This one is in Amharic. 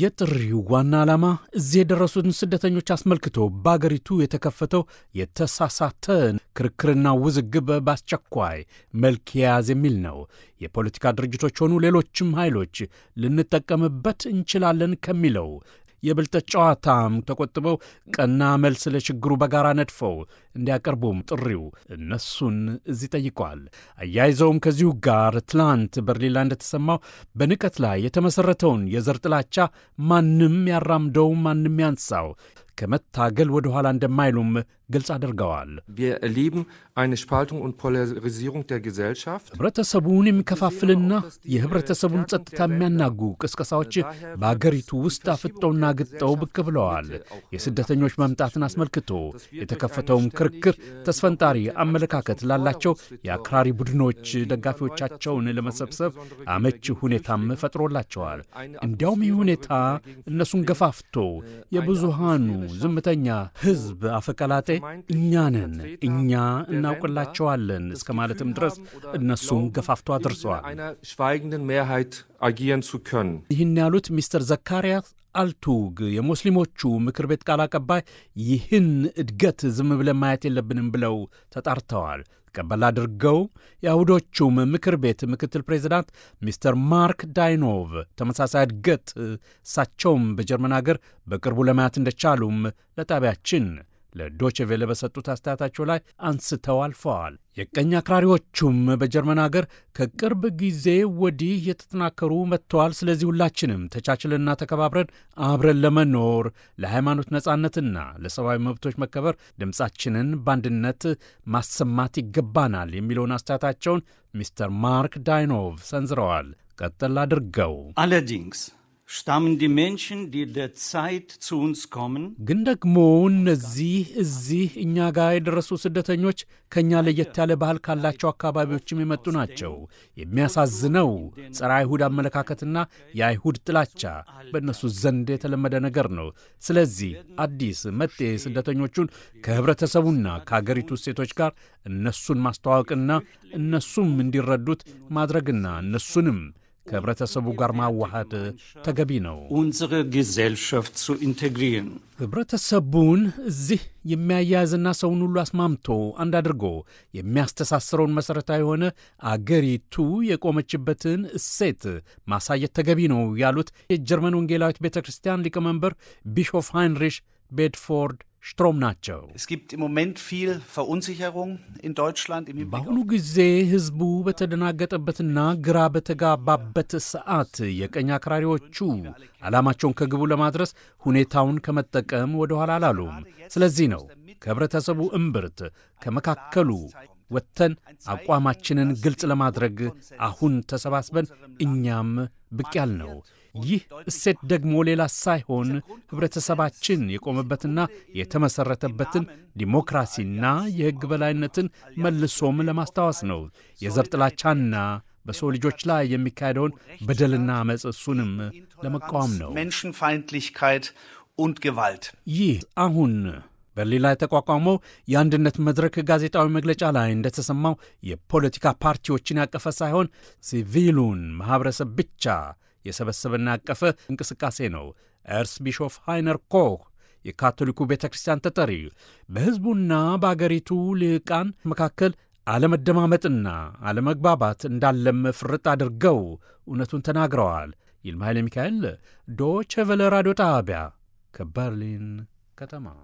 የጥሪው ዋና ዓላማ እዚህ የደረሱትን ስደተኞች አስመልክቶ በአገሪቱ የተከፈተው የተሳሳተን ክርክርና ውዝግብ በአስቸኳይ መልክ የያዝ የሚል ነው። የፖለቲካ ድርጅቶች ሆኑ ሌሎችም ኃይሎች ልንጠቀምበት እንችላለን ከሚለው የብልጠት ጨዋታም ተቆጥበው ቀና መልስ ለችግሩ በጋራ ነድፈው እንዲያቀርቡም ጥሪው እነሱን እዚህ ጠይቀዋል። አያይዘውም ከዚሁ ጋር ትላንት ላይ እንደተሰማው በንቀት ላይ የተመሠረተውን የዘር ጥላቻ ማንም ያራምደው፣ ማንም ያንሳው ከመታገል ወደ ኋላ እንደማይሉም ግልጽ አድርገዋል። ህብረተሰቡን የሚከፋፍልና የህብረተሰቡን ጸጥታ የሚያናጉ ቅስቀሳዎች በአገሪቱ ውስጥ አፍጠውና ግጠው ብቅ ብለዋል። የስደተኞች መምጣትን አስመልክቶ የተከፈተውም ክርክር ተስፈንጣሪ አመለካከት ላላቸው የአክራሪ ቡድኖች ደጋፊዎቻቸውን ለመሰብሰብ አመች ሁኔታም ፈጥሮላቸዋል። እንዲያውም ይህ ሁኔታ እነሱን ገፋፍቶ የብዙሃኑ ዝምተኛ ህዝብ አፈቀላጤ እኛ ነን፣ እኛ እናውቅላቸዋለን እስከ ማለትም ድረስ እነሱን ገፋፍቶ አድርሰዋል። አጊየን ሱ ከን ይህን ያሉት ሚስተር ዘካርያስ አልቱግ የሙስሊሞቹ ምክር ቤት ቃል አቀባይ፣ ይህን እድገት ዝም ብለን ማየት የለብንም ብለው ተጣርተዋል። ቀበል አድርገው የአይሁዶቹም ምክር ቤት ምክትል ፕሬዚዳንት ሚስተር ማርክ ዳይኖቭ ተመሳሳይ እድገት እሳቸውም በጀርመን አገር በቅርቡ ለማየት እንደቻሉም ለጣቢያችን ለዶቼ ቬለ በሰጡት አስተያየታቸው ላይ አንስተው አልፈዋል። የቀኝ አክራሪዎቹም በጀርመን አገር ከቅርብ ጊዜ ወዲህ የተጠናከሩ መጥተዋል። ስለዚህ ሁላችንም ተቻችለንና ተከባብረን አብረን ለመኖር ለሃይማኖት ነጻነትና ለሰብአዊ መብቶች መከበር ድምፃችንን በአንድነት ማሰማት ይገባናል የሚለውን አስተያየታቸውን ሚስተር ማርክ ዳይኖቭ ሰንዝረዋል። ቀጠል አድርገው አለዲንግስ ግን ደግሞ እነዚህ እዚህ እኛ ጋር የደረሱ ስደተኞች ከእኛ ለየት ያለ ባህል ካላቸው አካባቢዎችም የመጡ ናቸው። የሚያሳዝነው ጸረ አይሁድ አመለካከትና የአይሁድ ጥላቻ በእነሱ ዘንድ የተለመደ ነገር ነው። ስለዚህ አዲስ መጤ ስደተኞቹን ከህብረተሰቡና ከአገሪቱ እሴቶች ጋር እነሱን ማስተዋወቅና እነሱም እንዲረዱት ማድረግና እነሱንም ከህብረተሰቡ ጋር ማዋሃድ ተገቢ ነው። ንዝረ ጌዘልሸፍት ሱ ኢንቴግሪን ህብረተሰቡን እዚህ የሚያያዝና ሰውን ሁሉ አስማምቶ አንድ አድርጎ የሚያስተሳስረውን መሠረታዊ የሆነ አገሪቱ የቆመችበትን እሴት ማሳየት ተገቢ ነው ያሉት የጀርመን ወንጌላዊት ቤተ ክርስቲያን ሊቀመንበር ቢሾፍ ሃይንሪሽ ቤድፎርድ ሽትሮም ናቸው። በአሁኑ ጊዜ ሕዝቡ በተደናገጠበትና ግራ በተጋባበት ሰዓት የቀኝ አክራሪዎቹ ዓላማቸውን ከግቡ ለማድረስ ሁኔታውን ከመጠቀም ወደ ኋላ አላሉም። ስለዚህ ነው ከህብረተሰቡ እምብርት ከመካከሉ ወጥተን አቋማችንን ግልጽ ለማድረግ አሁን ተሰባስበን እኛም ብቅ ያል ነው። ይህ እሴት ደግሞ ሌላ ሳይሆን ኅብረተሰባችን የቆመበትና የተመሠረተበትን ዲሞክራሲና የሕግ በላይነትን መልሶም ለማስታወስ ነው። የዘር ጥላቻና በሰው ልጆች ላይ የሚካሄደውን በደልና አመፅ እሱንም ለመቃወም ነው። ይህ አሁን በሌላ የተቋቋመው የአንድነት መድረክ ጋዜጣዊ መግለጫ ላይ እንደተሰማው የፖለቲካ ፓርቲዎችን ያቀፈ ሳይሆን ሲቪሉን ማኅበረሰብ ብቻ የሰበሰበና ያቀፈ እንቅስቃሴ ነው። ኤርስ ቢሾፍ ሃይነር ኮህ የካቶሊኩ ቤተ ክርስቲያን ተጠሪ በሕዝቡና በአገሪቱ ልዕቃን መካከል አለመደማመጥና አለመግባባት እንዳለም ፍርጥ አድርገው እውነቱን ተናግረዋል። ይልማ ኃይለ ሚካኤል ዶቼ ራዲዮ ጣቢያ ከበርሊን ከተማ